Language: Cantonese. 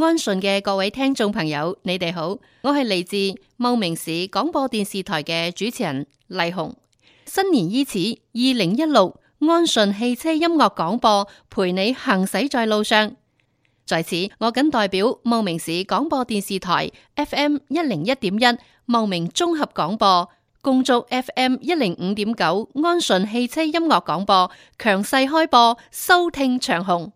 安順嘅各位聽眾朋友，你哋好！我係嚟自茂名市廣播電視台嘅主持人麗紅。新年伊始，二零一六安順汽車音樂廣播陪你行駛在路上。在此，我謹代表茂名市廣播電視台 FM 一零一點一茂名綜合廣播，恭祝 FM 一零五點九安順汽車音樂廣播強勢開播，收聽長虹。